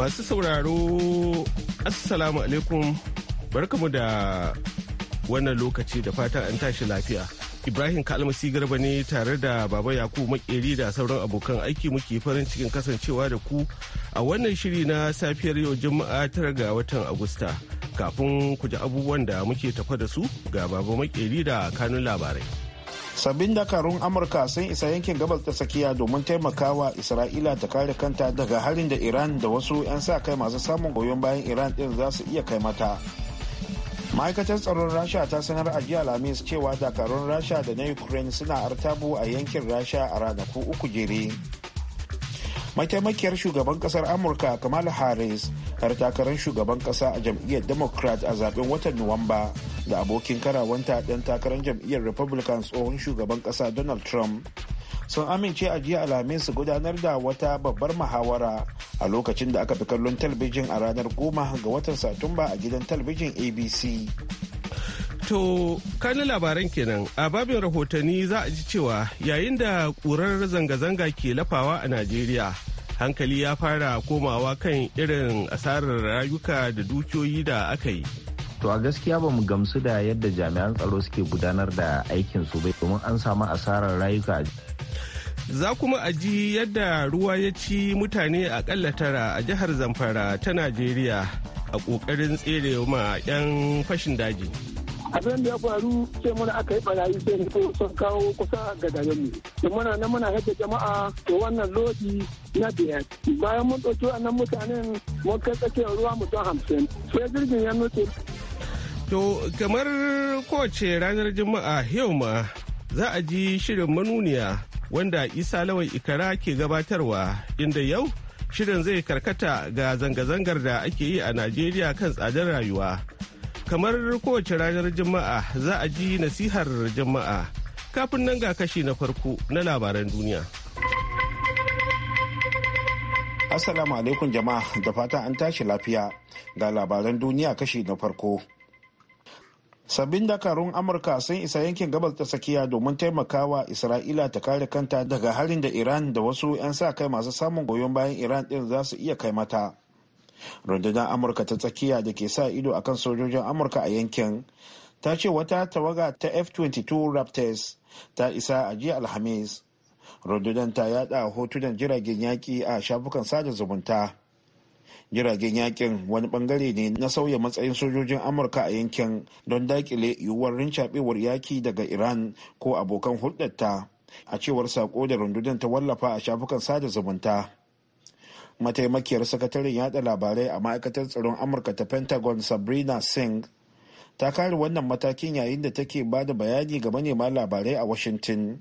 Masu sauraro, Assalamu alaikum, barkamu da wannan lokaci da fatan an tashi lafiya. Ibrahim Kalmasi Garba ne tare da Baba Yakubu Makeri da sauran abokan aiki muke farin cikin kasancewa da ku a wannan shiri na safiyar yau Juma'a tara ga watan Agusta. Kafin ku ji abubuwan da muke tafa da su ga Baba Makeri da kanun labarai. sabbin dakarun amurka sun isa yankin gabas ta tsakiya domin taimakawa isra'ila ta kare kanta daga harin da iran da wasu 'yan sa kai masu samun goyon bayan iran din za su iya kai mata ma'aikatar tsaron rasha ta sanar a jiya lamis cewa dakarun rasha da na ukraine suna artabu a yankin rasha a ranaku uku jere mataimakiyar shugaban kasar amurka kamala harris har takarar shugaban kasa a jam'iyyar democrat a zaben watan nuwamba da abokin karawanta ɗan takarar jam'iyyar republican tsohon shugaban kasa donald trump sun amince a jiya alhamis su gudanar da wata babbar muhawara a lokacin da aka fi kallon talabijin a ranar goma ga watan satumba a gidan talabijin abc To, kanin labaran kenan a babin rahotanni za a ji cewa yayin da ƙurar zanga-zanga ke lafawa a Najeriya. hankali ya fara komawa kan irin asarar rayuka da dukiyoyi da aka yi to a gaskiya ba mu gamsu da yadda jami'an tsaro suke gudanar da aikin su bai domin an samu asarar rayuka za kuma a ji yadda ruwa ya ci mutane akalla tara a jihar zamfara ta najeriya a ƙoƙarin tsere ma 'yan fashin daji abin da ya faru sai muna aka yi barayi sai ne ko sun kawo kusa ga garinmu da muna nan muna yadda jama'a to wannan lodi na biyar bayan mun ɗauki wannan mutanen mun kai tsakiyar ruwa mutum hamsin sai jirgin ya nuce. to kamar kowace ranar juma'a yau ma za a ji shirin manuniya wanda isa lawai ikara ke gabatarwa inda yau shirin zai karkata ga zanga-zangar da ake yi a najeriya kan tsadar rayuwa kamar kowace ranar Juma'a za a ji nasihar Juma'a. Kafin nan ga kashi na farko na labaran duniya. Assalamu alaikum jama'a da fata an tashi lafiya ga labaran duniya kashi na farko. Sabbin dakarun Amurka sun isa yankin gabas ta tsakiya domin taimakawa Isra'ila ta kare kanta daga harin da Iran da wasu 'yan sa kai masu samun goyon bayan Iran ɗin za su iya kai mata. rundunar amurka ta tsakiya da ke sa ido akan sojojin amurka a yankin ta ce wata tawaga ta f-22 raptors ta isa a jiya alhamis rundunar ta yada hotunan jiragen yaki a shafukan sada zumunta jiragen yakin wani bangare ne na sauya matsayin sojojin amurka a yankin don dakile yiwuwar rincaɓewar yaki daga iran ko abokan hulɗarta a cewar sako da rundunar ta wallafa a shafukan sada zumunta mataimakiyar sakataren yada labarai a ma'aikatar tsaron amurka ta pentagon sabrina singh ta kare wannan matakin yayin da take ba da bayani ga manema labarai a washington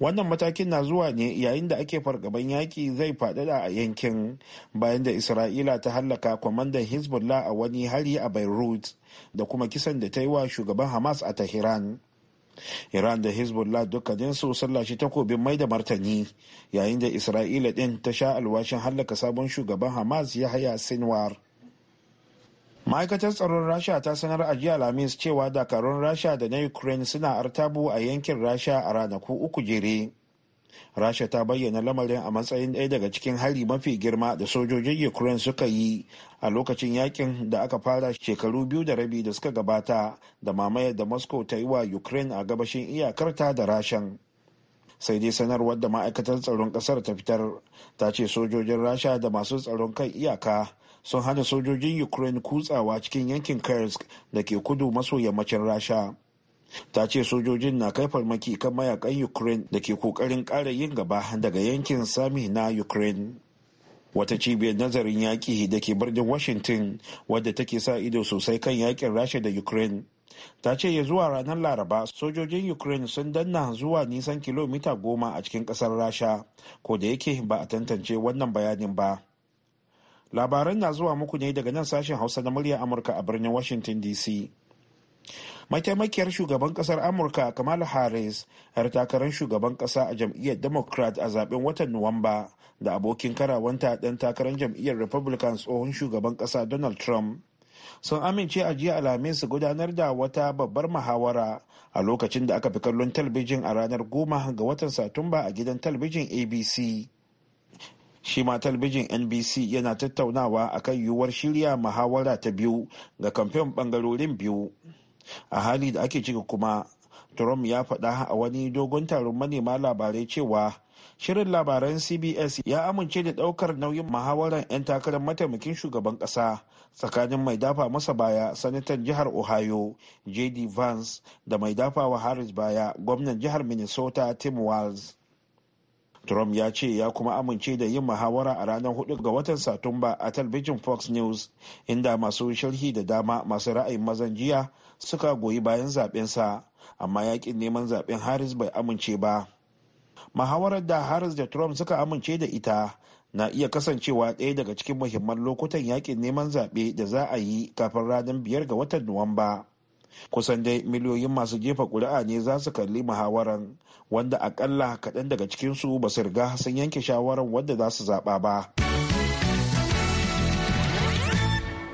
wannan matakin na zuwa ne yayin da ake fargaban yaƙi zai faɗaɗa a yankin bayan da isra'ila ta hallaka kwamandan hezbollah a wani hari a beirut da kuma kisan da ta yi wa shugaban hamas a tehran iran da hezbollah dukkaninsu su sallashi takobin mai da martani yayin da isra'ila din ta sha alwashin hallaka sabon shugaban hamas ya haya sinwar ma'aikatar tsaron rasha ta sanar a jiya alhamis cewa dakarun rasha da na ukraine suna artabu a yankin rasha a ranaku uku jere rasha ta bayyana lamarin a matsayin ɗaya daga cikin hari mafi girma da sojojin ukraine suka yi a lokacin yakin da aka fara shekaru biyu da rabi da suka gabata da mamayar da moscow ta yi wa ukraine a gabashin iyakarta da rashan sai dai sanarwar da ma'aikatar tsaron ƙasar ta fitar ta ce sojojin rasha da masu tsaron kan iyaka sun hana sojojin ukraine kutsawa cikin yankin kursk da ke kudu maso yammacin rasha ta ce sojojin na kai farmaki kan mayakan ukraine da ke kokarin kara yin gaba daga yankin sami na ukraine wata cibiyar nazarin yaƙi da ke birnin washington wadda take sa ido sosai kan yakin rasha da ukraine ta ce ya zuwa ranar laraba sojojin ukraine sun danna zuwa nisan kilomita goma a cikin ƙasar rasha ko da yake ba a tantance wannan bayanin ba labaran na zuwa muku ne daga nan sashen hausa na murya amurka a birnin washington dc mataimakiyar shugaban kasar amurka kamala harris 'yar takarar shugaban kasa a jam'iyyar democrat a zaben watan nuwamba da abokin karawanta ɗan takarar jam'iyyar republican tsohon shugaban kasa donald trump sun amince a jiya alhamis su gudanar da wata babbar muhawara a lokacin da aka fi kallon talbijin a ranar goma ga watan satumba a gidan talbijin abc shi ma talbijin nbc yana tattaunawa a kan yiwuwar shirya muhawara ta biyu ga kamfen bangarorin biyu a hali da ake cika kuma trump ya faɗa a wani dogon taron manema labarai cewa shirin labaran cbs ya amince da ɗaukar nauyin muhawarar 'yan takarar mataimakin shugaban ƙasa tsakanin mai dafa masa baya sanatan jihar ohio jd vance da mai dafa wa harris baya gwamnan jihar minnesota tim walz Trump ya ce ya kuma amince da yin muhawara a ranar 4 ga watan Satumba a talbijin Fox News, inda masu sharhi da dama masu ra'ayin mazan jiya suka goyi bayan zaɓensa amma yakin neman zaɓen harris bai amince ba mahawarar da harris da trump suka amince da ita na iya kasancewa ɗaya daga cikin muhimman lokutan yakin neman zaɓe da za a yi kafin ranar biyar ga watan nuwamba kusan dai miliyoyin masu jefa ƙuri'a ne za su kalli muhawaran wanda akalla kaɗan daga cikinsu ba su riga sun yanke shawarar wadda za su zaɓa ba.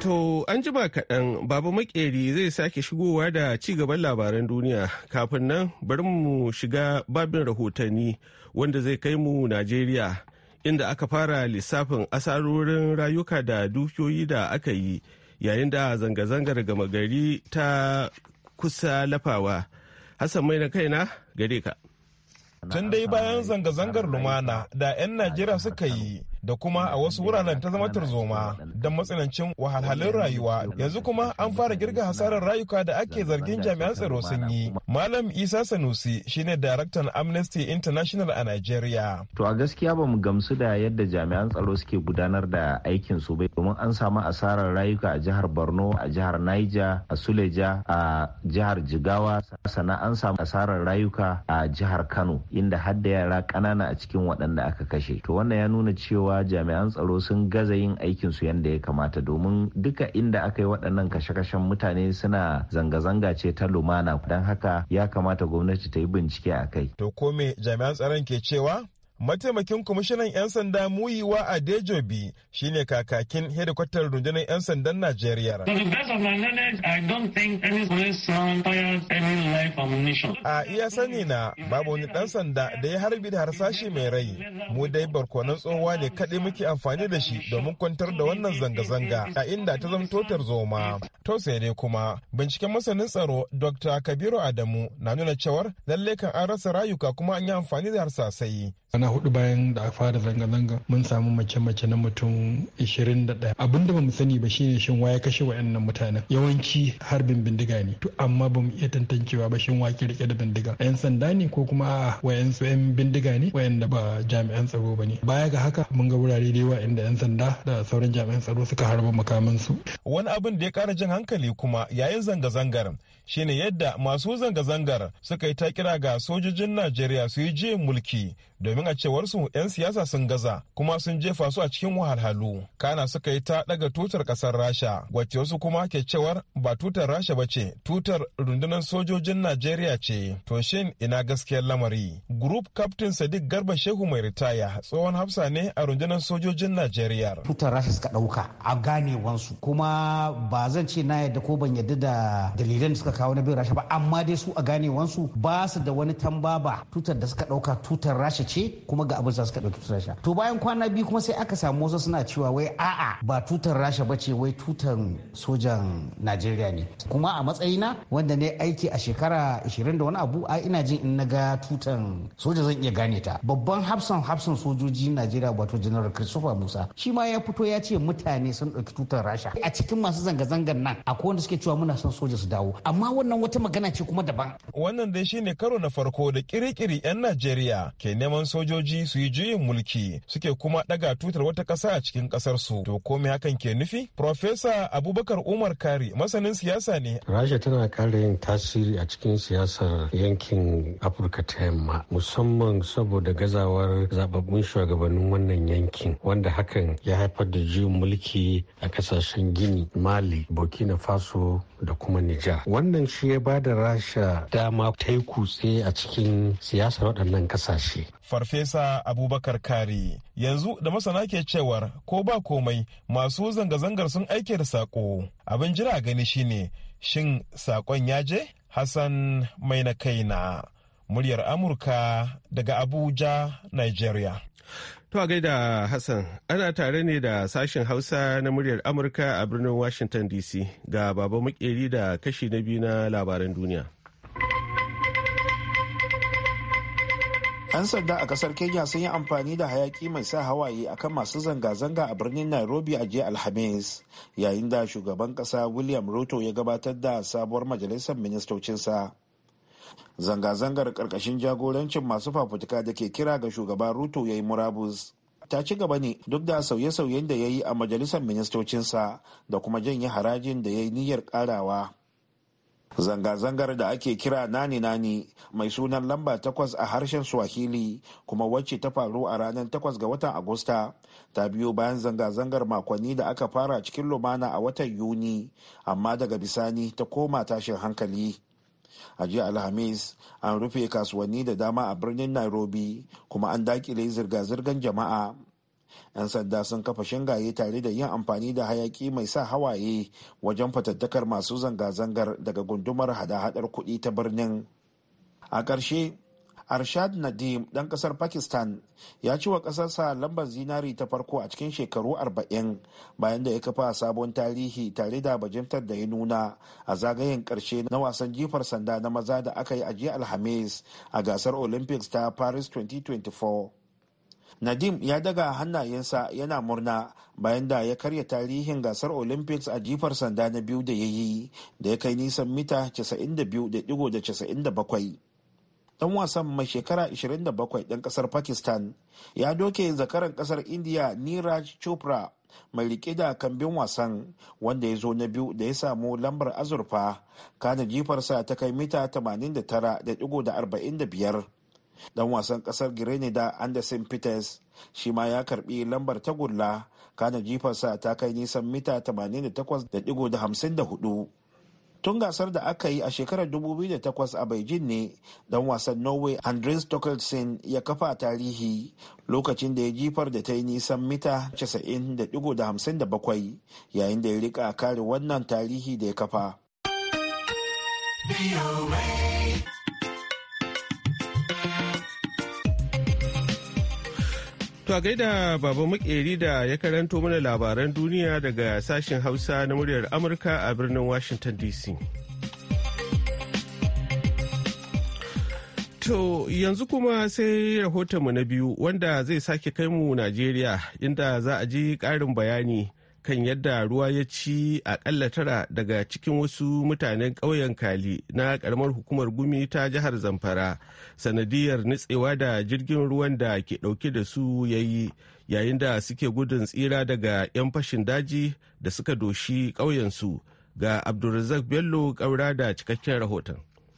To an jima kaɗan babu makeri zai sake shigowa da ci gaban labaran duniya kafin nan bari mu shiga babin rahotanni wanda zai kai mu Najeriya inda aka fara lissafin asarorin rayuka da dukiyoyi da aka yi yayin da zanga-zangar gama gari ta kusa lafawa. Hassan mai na kaina gare ka. Tun dai bayan zanga-zangar lumana da 'yan Najeriya suka yi da kuma a wasu wuraren ta zama tarzoma don matsanancin wahalhalun rayuwa yanzu kuma an fara girga hasarar rayuka da ake zargin jami'an tsaro sun yi malam isa sanusi shine daraktan amnesty international a nigeria to a gaskiya ba mu gamsu da yadda jami'an tsaro suke gudanar da aikin su bai domin an samu asarar rayuka a jihar borno a jihar niger a suleja a jihar jigawa sannan an samu asarar rayuka a jihar kano inda har da yara ƙanana a cikin waɗanda aka kashe to wannan ya nuna cewa cewa jami'an tsaro sun gaza yin aikinsu yadda ya kamata domin duka inda aka yi waɗannan kashe-kashen mutane suna zanga-zanga ce ta lumana don haka ya kamata gwamnati ta yi bincike a kai. To ko me jami'an tsaron ke cewa? mataimakin kwamishinan 'yan sanda muyiwa a dejobi shine kakakin hedikwatar rundunar 'yan sandan najeriya a iya sani na babu wani ɗan sanda da ya harbi da harsashi mai rai mu dai barkonan tsohuwa ne kaɗai muke amfani da shi domin kwantar da wannan zanga-zanga a inda ta totar tarzoma to sai dai kuma binciken masanin tsaro dr kabiru adamu na nuna cewar lallai kan an rasa rayuka kuma an yi amfani da harsasai Ana hudu bayan da a fara zanga-zanga mun samu mace-mace na mutum 21. Abin da ba mu sani ba shine shin waye kashe wayannan mutanen. Yawanci harbin bindiga ne. To amma bamu iya tantancewa ba shin wake rike da bindiga. Yan sanda ne ko kuma wayan su yan bindiga ne wayanda ba jami'an tsaro ba ne. Baya ga haka mun ga wurare da yawa inda yan sanda da sauran jami'an tsaro suka harba makamansu. Wani abin da ya kara jin hankali kuma yayin zanga-zangar shine yadda masu zanga-zangar suka yi ta kira ga sojojin najeriya su yi jiyan mulki domin a cewarsu 'yan siyasa sun gaza kuma sun jefa su a cikin wahalhalu kana suka yi ta daga tutar kasar rasha wacce wasu kuma ke cewar ba tutar rasha ba ce tutar rundunar sojojin najeriya ce to shin ina gaskiyar lamari group captain sadiq garba shehu mai ritaya tsohon hafsa ne a rundunar sojojin najeriya tutar rasha suka dauka a ganewansu kuma ba zan ce na yadda ko ban yadda da dalilan suka kawo na bin rasha ba amma dai su a ganewansu ba su da wani tamba ba tutar da suka dauka tutar rasha ce kuma ga abin da suka dauki tutar rasha to bayan kwana biyu kuma sai aka samu wasu suna cewa wai a'a ba tutar rasha ba ce wai tutar sojan najeriya ne kuma a matsayina wanda ne aiki a shekara 20 da wani abu a ina jin in na ga tutar soja zan iya gane ta babban hafsan hafsan sojoji najeriya wato general christopher musa shi ma ya fito ya ce mutane sun ɗauki tutar rasha a cikin masu zanga zangan nan akwai wanda suke cewa muna son soja su dawo amma wannan wata magana ce kuma daban wannan dai shine karo na farko da kirikiri yan najeriya ke neman sojoji su yi juyin mulki suke kuma daga tutar wata kasa a cikin kasar su to ko hakan ke nufi profesa abubakar umar kari masanin siyasa ne rasha tana kare yin tasiri a cikin siyasar yankin afirka ta yamma musamman saboda gazawar zababbun shugabannin wannan yankin wanda hakan ya haifar da juyin mulki a kasashen gini mali burkina faso da kuma nijar wannan shi ya ba da rasha dama ta yi kutse a cikin siyasar waɗannan kasashe. farfesa abubakar kari yanzu da masana ke cewar ko ba komai masu zanga-zangar sun aike da saƙo abin jira gani shine shin saƙon ya je hassan mai na kai na muryar amurka daga abuja nigeria To a gaida Hassan, ana tare ne da sashen Hausa na muryar Amurka a birnin Washington DC ga baba makeri da kashi na biyu na labaran duniya. an sanda a kasar Kenya sun yi amfani da hayaki mai sa hawaye akan masu zanga-zanga a birnin Nairobi a jiya Alhamis, yayin da shugaban kasa William Ruto ya gabatar da sabuwar majalisar ministocinsa. zanga-zangar karkashin jagorancin masu fafutuka da ke kira ga shugaba ruto ya yi murabus ta ci gaba ne duk da sauye-sauyen da ya yi a majalisar ministocinsa da kuma janye harajin da ya yi niyyar karawa zanga-zangar da ake kira nani-nani mai sunan lamba takwas a harshen swahili kuma wacce ta faru a ranar takwas ga watan agusta ta biyo bayan zanga-zangar makonni da aka fara cikin lumana a watan yuni amma daga bisani ta koma tashin hankali a jiya alhamis an rufe kasuwanni da dama a birnin nairobi kuma an dakile zirga-zirgar jama'a 'yan sanda sun kafa shingaye tare da yin amfani da hayaki mai sa hawaye wajen fatattakar masu zanga-zangar daga gundumar hada-hadar kuɗi ta birnin a ƙarshe arshad nadim ɗan ƙasar pakistan ya ci wa ƙasarsa lambar zinari ta farko a cikin shekaru 40 bayan da ya kafa sabon tarihi tare da bajimtar da ya nuna a zagayen ƙarshe na wasan jifar sanda na maza da aka yi a jiya alhamis a gasar olympics ta paris 2024 Nadim ya daga hannayensa yana murna bayan da ya karya tarihin gasar Olympics a jifar sanda na biyu da ya yi da ya kai nisan mita 92.97. dan wasan mai shekara 27 ɗan ƙasar pakistan ya doke zakaran ƙasar india niraj chopra mai rike da kambin wasan wanda ya zo na biyu da ya samu lambar azurfa kana jifarsa ta kai mita 89.45 dan wasan kasar grenada anderson peters shi ma ya karbi lambar tagulla kana jifarsa ta kai nisan mita 88.54 tun gasar da aka yi a shekarar 2008 a beijing ne dan wasan norway andres torkelsen ya kafa tarihi lokacin da ya jifar da ta yi nisan mita 90.57 yayin da ya rika kare wannan tarihi da ya kafa To a gaida baba makeri da ya karanto mana labaran duniya daga sashen Hausa na muryar Amurka a birnin Washington DC. To yanzu kuma sai rahotonmu na biyu wanda zai sake kai mu Najeriya inda za a ji ƙarin bayani kan yadda ruwa ya ci akalla tara daga cikin wasu mutanen ƙauyen kali na ƙaramar hukumar gumi ta jihar zamfara sanadiyar nitsewa da jirgin ruwan da ke ɗauke da su ya yi yayin da suke gudun tsira daga 'yan fashin daji da suka doshi ƙauyensu ga abdulrazak bello ƙaura da cikakken rahoton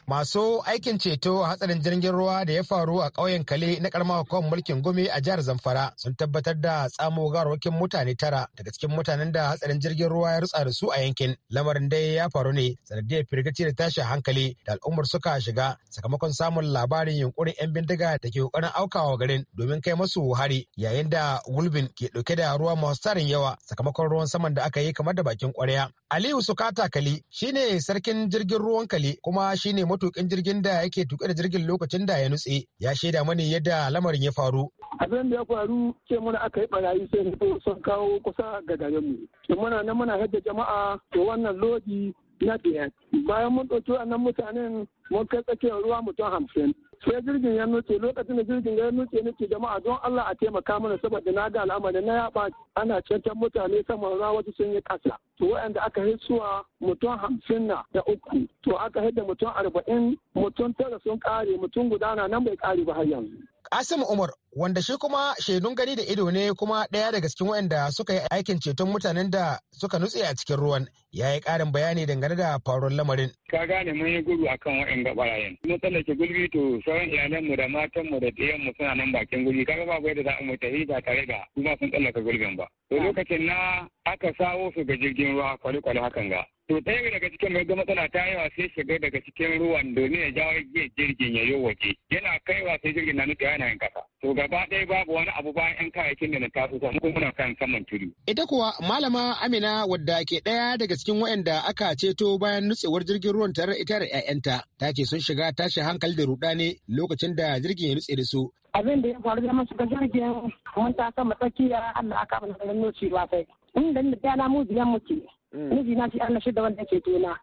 masu aikin ceto a hatsarin jirgin ruwa da ya faru a ƙauyen kale na karamar hukumar mulkin Gumi a jihar zamfara sun tabbatar da tsamo garwakin mutane tara daga cikin mutanen da hatsarin jirgin ruwa ya rutsa da su a yankin lamarin dai ya faru ne sanadiyar firgici da tashi hankali da al'ummar suka shiga sakamakon samun labarin yunkurin yan bindiga da ke kokarin aukawa garin domin kai masu hari yayin da gulbin ke ɗauke da ruwa masu tarin yawa sakamakon ruwan saman da aka yi kamar da bakin kwarya aliyu sukata kali shine sarkin jirgin ruwan kale kuma shine matukin jirgin da yake tuƙe da jirgin lokacin da ya nutse ya shaida mani yadda lamarin ya faru. Abin da ya faru ce muna aka yi barayi sai sun kawo kusa ga garinmu. Muna nan muna hajja jama'a to wannan lodi na biyar bayan mun ɗauki wannan mutanen mun kai tsakiyar ruwa mutum hamsin sai jirgin ya nutse lokacin da jirgin ya nutse ke jama'a don Allah a taimaka mana saboda na ga al'amari na yaba ana cancan mutane sama ruwa wasu sun yi ƙasa to waɗanda aka hisuwa mutum hamsin na da uku to aka hidda mutum arba'in mutum tara sun ƙare mutum guda na nan bai ƙare ba har yanzu Asim Umar wanda shi kuma shaidun gani da ido ne kuma ɗaya daga cikin waɗanda suka yi aikin ceton mutanen da suka nutse a cikin ruwan ya yi ƙarin bayani dangane da faruwar lamarin. Ka gane mun yi gudu a kan waɗanda ɓarayen. Mun tsallake gulbi to sauran iyalanmu da matanmu da ɗiyanmu suna nan bakin gulbi. Kaga ba bai da za mu tafi ba tare da kuma sun tsallaka gulbin ba. To lokacin na aka sawo su ga jirgin ruwa kwale-kwale hakan ga. to ɗaya daga cikin mai ga matsala ta yawa sai shiga daga cikin ruwan domin ya jawo ya jirgin ya yi waje yana kaiwa sai jirgin na nufi yana yin kasa to gaba ɗaya babu wani abu bayan yan kayayyakin da na taso sa kuma muna kan saman tudu. ita kuwa malama amina wadda ke ɗaya daga cikin waɗanda aka ceto bayan nutsewar jirgin ruwan tare ita da 'ya'yanta ta ce sun shiga tashin hankali da rudani lokacin da jirgin ya nutse da su abin da ya faru da masu jirgin mun ta sama tsakiya Allah aka mana nuci ba sai inda da na mu biyan mu ke. Mm. miji na shi an da wanda ke tona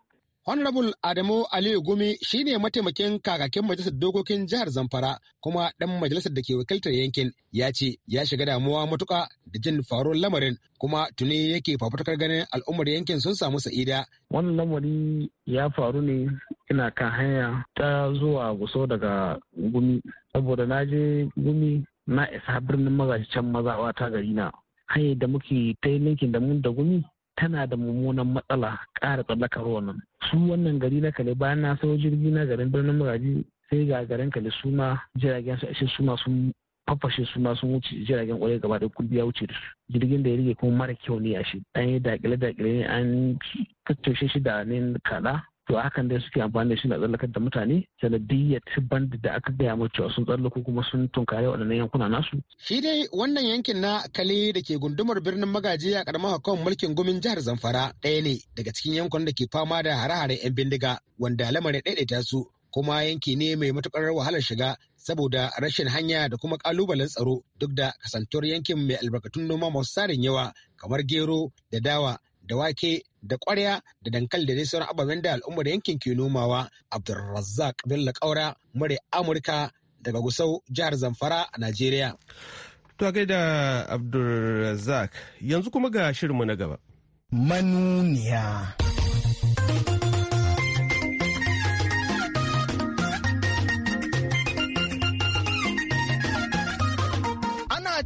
Honorable Adamu Aliyu Gumi shine mataimakin kakakin majalisar dokokin jihar Zamfara kuma ɗan majalisar da ke wakiltar yankin ya ce ya shiga damuwa matuka da jin faruwar lamarin kuma tuni yake fafutukar ganin al'ummar yankin sun samu sa'ida. Wannan lamari ya faru ne ina kan hanya ta zuwa guso daga gumi saboda na je gumi na isa birnin can maza wata gari na hanyar da muke ta linkin da mun da gumi tana da mummunan matsala ƙara tsallakar wannan su wannan gari na kale bayan na sau jirgi na garin birnin magaji sai ga garin kale su ma jiragen su ashe su ma sun fafashe su ma sun wuce jiragen kwarai gaba da kulbi ya wuce da su jirgin da ya rige kuma mara kyau ne a shi an yi dakile dakile ne an tattaushe shi da ne kada to hakan dai suke amfani da shi na tsallakar da mutane sanadiyyar tibban da aka gaya mu cewa sun tsallako kuma sun tunkare waɗannan yankuna nasu. shi dai wannan yankin na kale da ke gundumar birnin magaji a karamar hakan mulkin gumin jihar zamfara ɗaya ne daga cikin yankunan da ke fama da hare hare 'yan bindiga wanda lamarin ɗaiɗaita su kuma yanki ne mai matukar wahalar shiga saboda rashin hanya da kuma kalubalen tsaro duk da kasantuwar yankin mai albarkatun noma masu tsarin yawa kamar gero da dawa da wake da kwarya da dankali da dai sauran ababen da al'ummar yankin ke nomawa abdulrazzaq bello kaura mure amurka daga gusau jihar zamfara a najeriya to a gaida abdulrazzaq yanzu kuma ga shirinmu na gaba manuniya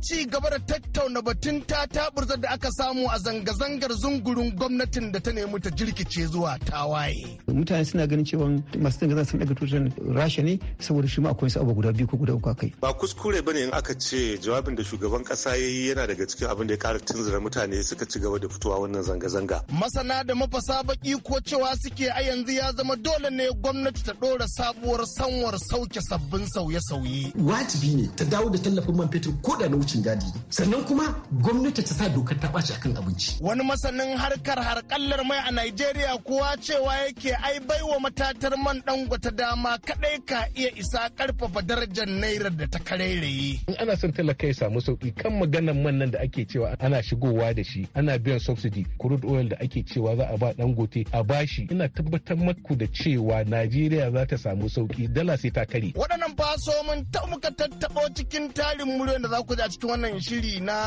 ci gaba da tattauna batun ta taburzar da aka samu a zanga-zangar zungurin gwamnatin da ta nemi ta jirkice zuwa tawaye. Mutane suna ganin cewa masu zanga-zanga sun daga tutar Rasha ne saboda shi ma akwai su abu guda biyu ko guda uku kai. Ba kuskure bane in aka ce jawabin da shugaban kasa ya yi yana daga cikin abin da ya kara tunzura mutane suka ci gaba da fitowa wannan zanga-zanga. Masana da mafasa baki ko cewa suke a yanzu ya zama dole ne gwamnati ta ɗora sabuwar sanwar sauke sabbin sauye-sauye. Wajibi ne ta dawo da tallafin man fetur ko da na wuce abincin gadi sannan kuma gwamnati ta sa dokar ta ɓaci akan abinci. Wani masanin harkar harkallar mai a Najeriya kuwa cewa yake ai baiwa matatar man dangwata dama kaɗai ka iya isa karfafa darajar naira da ta karairaye. In ana son talaka ya samu sauki kan maganar man nan da ake cewa ana shigowa da shi ana biyan subsidy crude oil da ake cewa za a ba dangote a bashi ina tabbatar maku da cewa Najeriya za ta samu sauki dala sai ta kare. Waɗannan faso mun ta muka tattaɓo cikin tarin muryar da za ku ji a cikin cikin wannan shiri na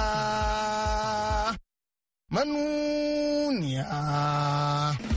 manuniya.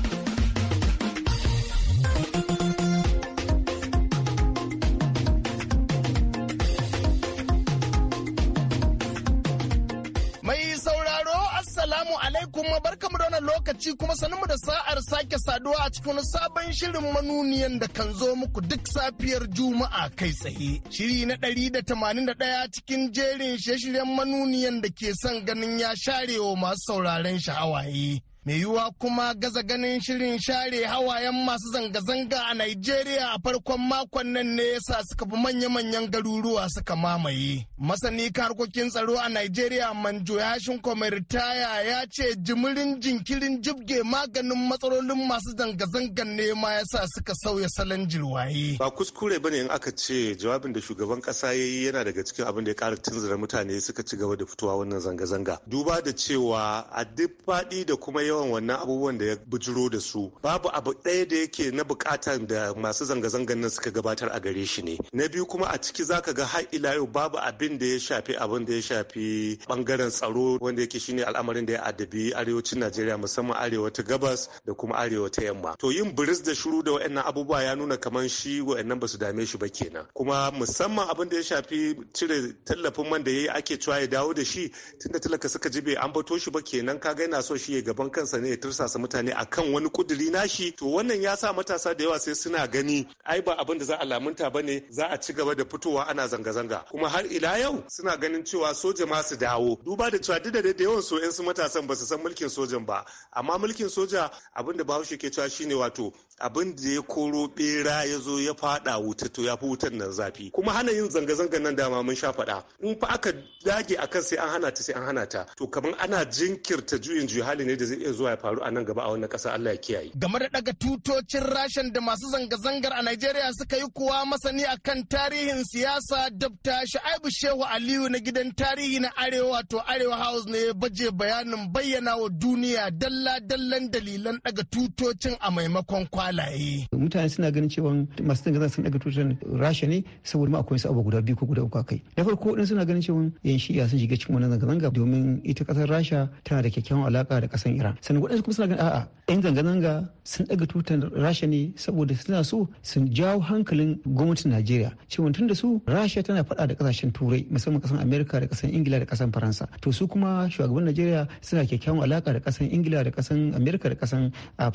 wannan lokaci kuma sanin mu da sa'ar sake saduwa a cikin sabon shirin manuniyan da kan zo muku duk safiyar Juma'a kai tsaye. Shiri na ɗari da tamanin da ɗaya cikin jerin shirye-shiryen manuniyan da ke son ganin ya sharewa masu sauraren sha'awaye. mai yiwuwa kuma gaza ganin shirin share hawayen masu zanga-zanga a Najeriya a farkon makon nan ne yasa suka fi manya-manyan garuruwa suka mamaye. Masani harkokin tsaro a Najeriya Manjo Yashin Komertaya ya ce jimirin jinkirin jibge maganin matsalolin masu zanga-zangan ne ma yasa suka sauya salon jirwaye. Ba kuskure ba ne in aka ce jawabin da shugaban ƙasa ya yi yana daga cikin abin da ya kara tunzura mutane suka ci gaba da fitowa wannan zanga-zanga. Duba da cewa a duk faɗi da kuma yawan yawan wannan abubuwan da ya bujiro da su babu abu ɗaya da yake na bukatan da masu zanga-zangan nan suka gabatar a gare shi ne na biyu kuma a ciki zaka ga har ila yau babu abin da ya shafi abin da ya shafi bangaren tsaro wanda yake shine al'amarin da ya addabi arewacin Najeriya musamman arewa ta gabas da kuma arewa ta yamma to yin biris da shiru da waɗannan abubuwa ya nuna kamar shi waɗannan ba su dame shi ba kenan kuma musamman abin da ya shafi cire tallafin man da yi ake cewa ya dawo da shi tunda talaka suka ji an bato shi ba kenan kaga yana so shi ya gaban kansa ne ya tursasa mutane a kan wani kuduri nashi to wannan ya sa matasa da yawa sai suna gani ai ba abin da za a lamunta ba ne za a ci gaba da fitowa ana zanga-zanga kuma har ila yau suna ganin cewa soja ma su dawo duba da cewa duk da da yawan su yan su matasan ba su san mulkin sojan ba amma mulkin soja abin da bahaushe ke cewa shine wato abin da ya koro bera ya zo ya fada wuta to ya fi wutar nan zafi kuma hana yin zanga-zanga nan dama mun sha faɗa in fa aka dage akan sai an hana ta sai an hana ta to kamar ana jinkirta juyin juyi hali ne da zai iya zuwa ya faru a nan gaba a wannan ƙasa Allah ya kiyaye game da daga tutocin rashin da masu zanga-zangar a Najeriya suka yi kuwa masani akan tarihin siyasa dabta Sha'ibu Shehu Aliyu na gidan tarihi na Arewa wato Arewa House ne baje bayanin bayyana wa duniya dalla-dallan dalilan daga tutocin a maimakon kwana halaye. Mutane suna ganin cewa masu zanga sun daga tutar Rasha ne saboda ma akwai abu guda biyu ko guda uku kai. Na farko din suna ganin cewa yan shi'a sun shiga cikin wannan zanga-zanga domin ita ƙasar Rasha tana da kyakkyawan alaƙa da ƙasar Iran. Sannan waɗansu kuma suna ganin a'a 'yan zanga-zanga sun daga tutar rasha ne saboda suna so sun jawo hankalin gwamnatin najeriya cewa tun da su rasha tana faɗa da kasashen turai musamman kasan amerika da kasan ingila da kasan faransa to su kuma shugaban najeriya suna kyakkyawan alaka da kasan ingila da kasan amerika da kasan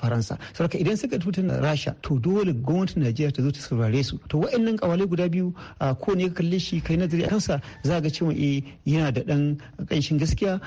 faransa saboda idan suka tutar rasha to dole gwamnatin najeriya ta zo ta saurare su to wa'annan ƙawale guda biyu ko ne ka kalle shi kai nazari a kansa za ga cewa eh yana da dan kanshin gaskiya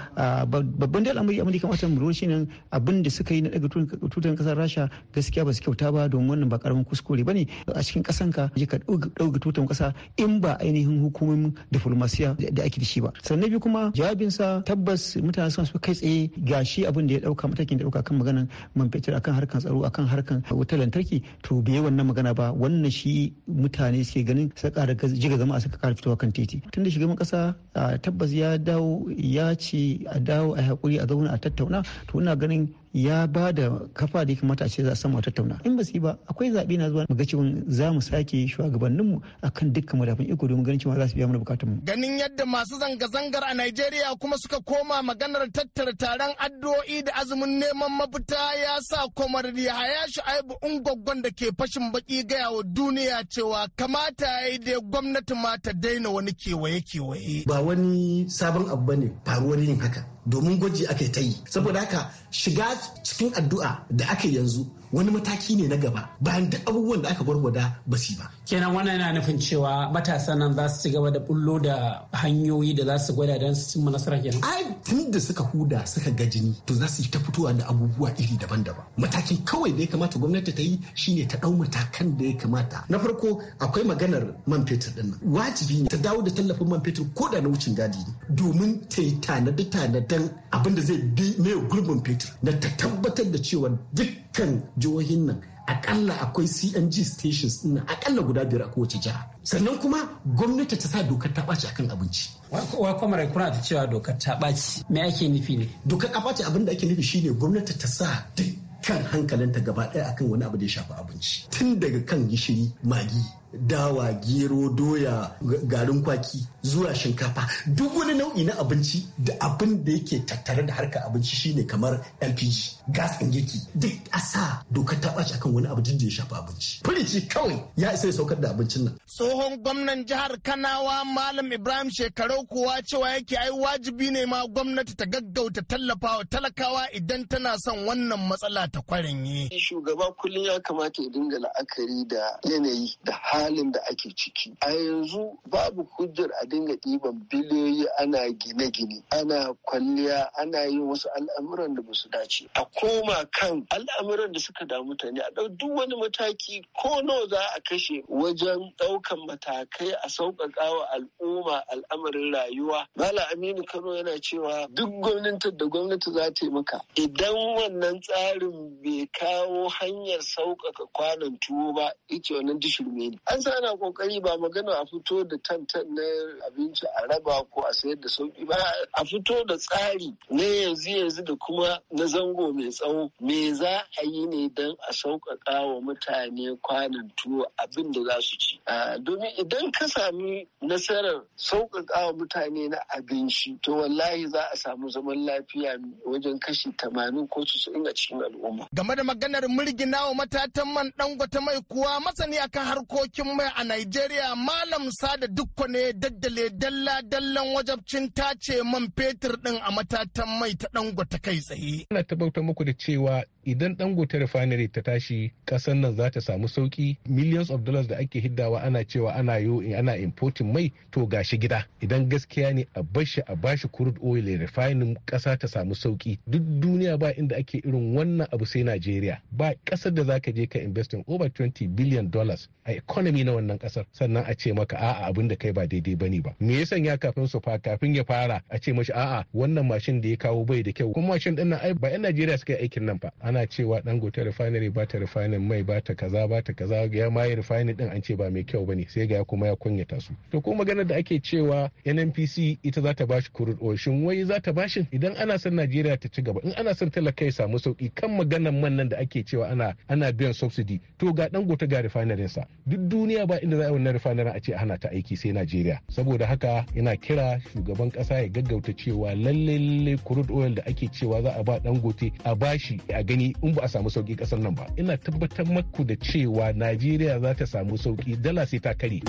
babban dal'amari amurka mata mu shine abin da suka yi na daga tutan kasar rasha gaskiya ba su kyauta ba domin wannan ba karamin kuskure ba ne a cikin kasan ka je ka ɗauka tutan kasa in ba ainihin hukumomin diflomasiya da ake da shi ba sannan biyu kuma jawabinsa tabbas mutane suna kai tsaye gashi abin da ya ɗauka matakin da ɗauka kan maganan man fetur akan harkan tsaro akan harkan wutar lantarki to bai wannan magana ba wannan shi mutane suke ganin sai ƙara jiga zama a suka ƙara fitowa kan titi tun da shugaban kasa tabbas ya dawo ya ce a dawo a hakuri a zauna a tattauna to ina ganin ya ba da kafa da ya kamata a ce za a samu tattauna in ba su yi ba akwai zaɓe na zuwa mu ga cewa za mu sake shugabanninmu a kan dukkan madafin iko domin ganin cewa za su biya mana bukatunmu. ganin yadda masu zanga-zangar a nigeria kuma suka koma maganar tattara taron addu'o'i da azumin neman mafita ya sa komar Yahaya Shu'aibu Ungwaggon da ke fashin baki gaya wa duniya cewa kamata ya yi dai gwamnati ma ta daina wani kewaye-kewaye. Ba wani sabon abu ne faruwar yin haka. domin gwaji aka ta yi saboda haka shiga cikin addu'a da aka yanzu wani mataki ne na gaba bayan duk abubuwan da aka gwargwada ba su ba. Kenan wannan yana nufin cewa matasa nan za su ci gaba da bullo da hanyoyi da za su gwada don su cimma nasara kenan. Ai tun da suka huda suka ga jini to za su yi ta fitowa da abubuwa iri daban-daban. Matakin kawai da ya kamata gwamnati ta yi shine ta ɗau matakan da ya kamata. Na farko akwai maganar man fetur din nan. Wajibi ne ta dawo da tallafin man fetur ko da na wucin gadi ne domin ta yi tanadi-tanadan abin da zai bi mai gurbin fetur na ta tabbatar da cewa duk dukkan jihohin nan akalla akwai CNG stations na akalla guda biyar a kowace jiha. Sannan kuma gwamnati ta sa dokar ta ɓaci akan abinci. Wa rai kuna ta cewa dokar ta ɓaci. Me ake nufi ne? Dokar ta ɓaci abin da ake nufi shine gwamnati ta sa dukkan hankalinta gaba ɗaya akan wani abu da ya shafi abinci. Tun daga kan gishiri, magi, dawa gero doya garin kwaki zuwa shinkafa duk wani nau'i na abinci da abin da yake tattare da harkar abinci shine kamar lpg gas in girki duk sa doka ta ɓaci akan wani abinci da ya shafa abinci Firiji kawai ya isa ya saukar da abincin nan tsohon gwamnan jihar kanawa malam ibrahim shekarau kowa cewa yake ai wajibi ne ma gwamnati ta gaggauta tallafawa talakawa idan tana son wannan matsala ta kwarin yi shugaba kullum ya kamata ya dinga la'akari da yanayi da halin da ake ciki a yanzu babu hujjar a dinga ɗiban biliyoyi ana gine-gine ana kwalliya ana yin wasu al'amuran da basu dace a koma kan al'amuran da suka damu mutane a ɗau duk wani mataki ko nawa za a kashe wajen ɗaukan matakai a sauƙaƙa wa al'umma al'amarin rayuwa malam aminu kano yana cewa duk gwamnatin da gwamnati za ta yi maka idan wannan tsarin bai kawo hanyar sauƙaƙa kwanan tuwo ba ita wannan dishirme ne an sa ana kokari ba magana a fito da tantan na abinci a raba ko a sayar da sauki ba a fito da tsari na yanzu yanzu da kuma na zango mai tsawo me za a yi ne don a sauƙaƙa wa mutane kwanan tuwo abin da za su ci domin idan ka sami nasarar sauƙaƙa wa mutane na abinci to wallahi za a samu zaman lafiya wajen kashi tamanin ko su ina cikin al'umma game da maganar murginawa matatan man dangwata mai kuwa masani akan harkokin arzikin mai a Nigeria Malam Sada Dukko ne daddale dalla dallan wajabcin tace man fetur din a matatan mai ta ta kai tsaye. Ina tabbatar muku da cewa idan dangote refinery ta tashi kasan nan za ta samu sauki millions of dollars da ake hiddawa ana cewa ana yo ana importing mai to gashi gida idan gaskiya ne a bashi a bashi crude oil refining kasa ta samu sauki duk duniya ba inda ake irin wannan abu sai Najeriya ba kasar da zaka je ka investing over 20 billion dollars a economy na wannan kasar sannan a ce maka a'a abin da kai ba daidai bane ba me yasa ya kafin su fa kafin ya fara a ce mashi a'a wannan mashin da ya kawo bai da kyau kuma mashin din nan ai ba 'yan Najeriya suka yi aikin nan fa ana cewa dangote refinery ba ta refinery mai ba ta kaza ba ta kaza ya ma yi refinery din an ce ba mai kyau ba ne sai ga kuma ya kunyata su to ko magana da ake cewa NNPC ita za ta bashi crude oil shin wai za ta bashin idan ana san Najeriya ta ci gaba in ana son talaka ya samu sauki kan maganar man nan da ake cewa ana ana biyan subsidy to ga gote ga refinery sa duk duniya ba inda za a yi wannan refinery a ce hana ta aiki sai Najeriya saboda haka ina kira shugaban kasa ya gaggauta cewa lalle lalle crude oil da ake cewa za a ba gote a bashi a gani in ba a samu sauki kasar nan ba ina tabbatar maku da cewa najeriya za ta samu sauki dala sai ta kare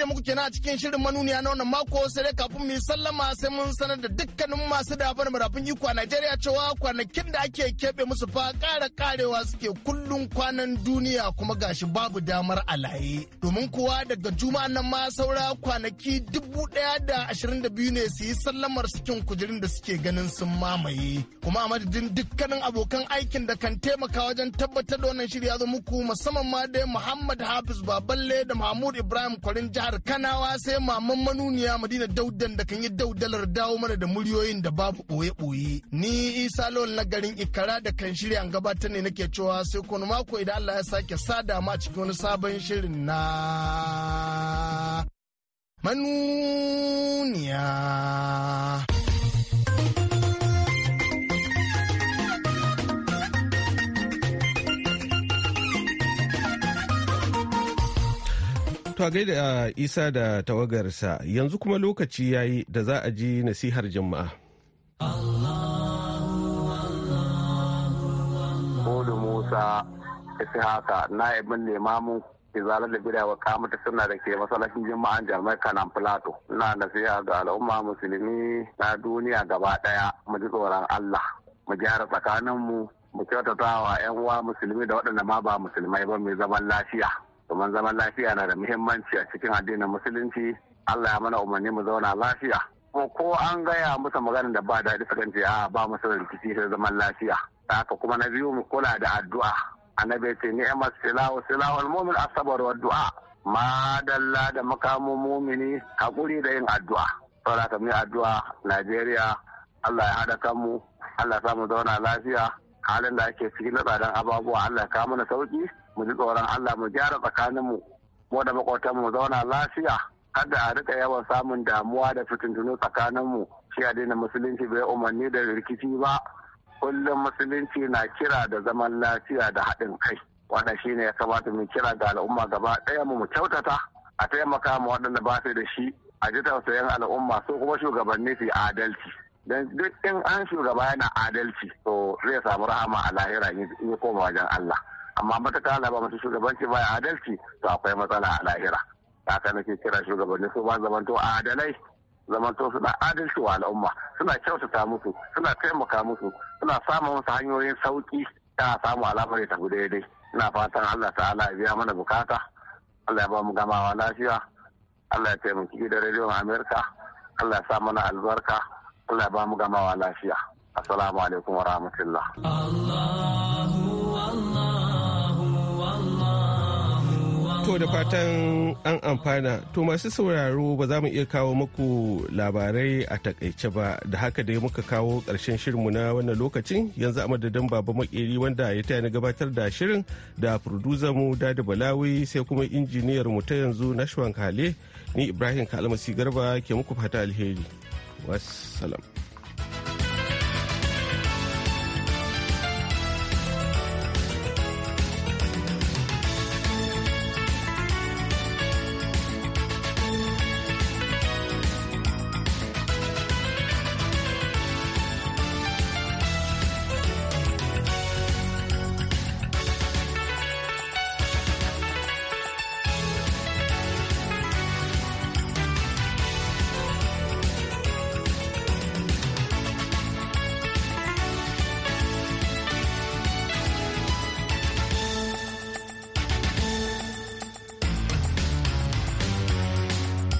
ce muku kenan a cikin shirin manuniya na wannan mako sai dai kafin mu yi sallama sai mun sanar da dukkanin masu dabar marafin iko a Najeriya cewa kwanakin da ake keɓe musu fa ƙara ƙarewa suke kullum kwanan duniya kuma gashi babu damar alaye. Domin kuwa daga juma'a nan ma saura kwanaki dubu ɗaya da ashirin da biyu ne su yi sallamar cikin kujirin da suke ganin sun mamaye. Kuma a madadin dukkanin abokan aikin da kan taimaka wajen tabbatar da wannan shirya zo muku musamman ma dai Muhammad Hafiz Baballe da Mahmud Ibrahim Kwarin jihar jihar kanawa sai maman manuniya madina daudan da kan yi daudalar dawo mana da muryoyin da babu boye-boye ni isa lawal na garin ikara da kan shirya gabatar ne nake cewa sai kuma mako idan allah ya sake sada ma cikin wani sabon shirin na manuniya To gaida Isa da tawagarsa yanzu kuma lokaci ya yi da za a ji nasihar jama'a. Bolu Musa Ishaka na ibin limamin izala da bida wa kamata suna da ke masalacin Jama'a jami'ar kanan plato na nasiha ga al'umma musulmi na duniya gaba daya mu ji tsoron allah mu gyara tsakaninmu mu kyautata wa 'yan uwa musulmi da waɗanda ma ba musulmai ba mai zaman lafiya domin zaman lafiya na da muhimmanci a cikin addinin musulunci Allah ya mana umarni mu zauna lafiya ko ko an gaya musa maganar da ba daɗi su ce a ba musu rikici sai zaman lafiya haka kuma na biyu mu kula da addu'a annabi ce ni amma silahu silahul mu'min asabar wa du'a Ma dalla da makamin mumini hakuri da yin addu'a saboda mu yi addu'a Najeriya Allah ya haɗa kanmu Allah ya samu zauna lafiya halin da ake ciki na tsadan ababuwa Allah ya kawo mana sauki mu ji tsoron Allah mu gyara tsakanin mu da makwatan mu zauna lafiya kada a rika yawan samun damuwa da fitintunu mu shi addinin musulunci bai umarni da rikici ba kullum musulunci na kira da zaman lafiya da haɗin kai wannan shine ya kamata mu kira ga al'umma gaba ɗaya mu kyautata a taimaka ma waɗanda ba su da shi a ji tausayin al'umma su kuma shugabanni su adalci dan duk in an shugaba yana adalci to zai samu rahama a lahira in koma wajen Allah amma mata ta ba mutu shugabanci ba adalci to akwai matsala a lahira haka nake kira shugabanni su ba zamanto adalai zamanto suna adalci wa al'umma suna kyautata musu suna taimaka musu suna samun wasu hanyoyin sauki ta samu alamari ta guda daidai ina fatan Allah ta'ala ya biya mana bukata Allah ya ba mu gamawa lafiya Allah ya taimaki da rediyon Amerika Allah ya sa mana albarka Allah ya ba mu gamawa lafiya assalamu alaikum wa rahmatullah To da fatan an amfana, to masu sauraro ba za mu iya kawo muku labarai a takaice ba da haka dai muka kawo ƙarshen shirinmu na wannan lokacin yanzu a madadin baba makeri wanda ya taya na gabatar da shirin da producer mu Dadi Balawi sai kuma injiniyar mu ta yanzu shuwan Kale ni Ibrahim Kalmasi Garba ke muku fata alheri. Wassalam.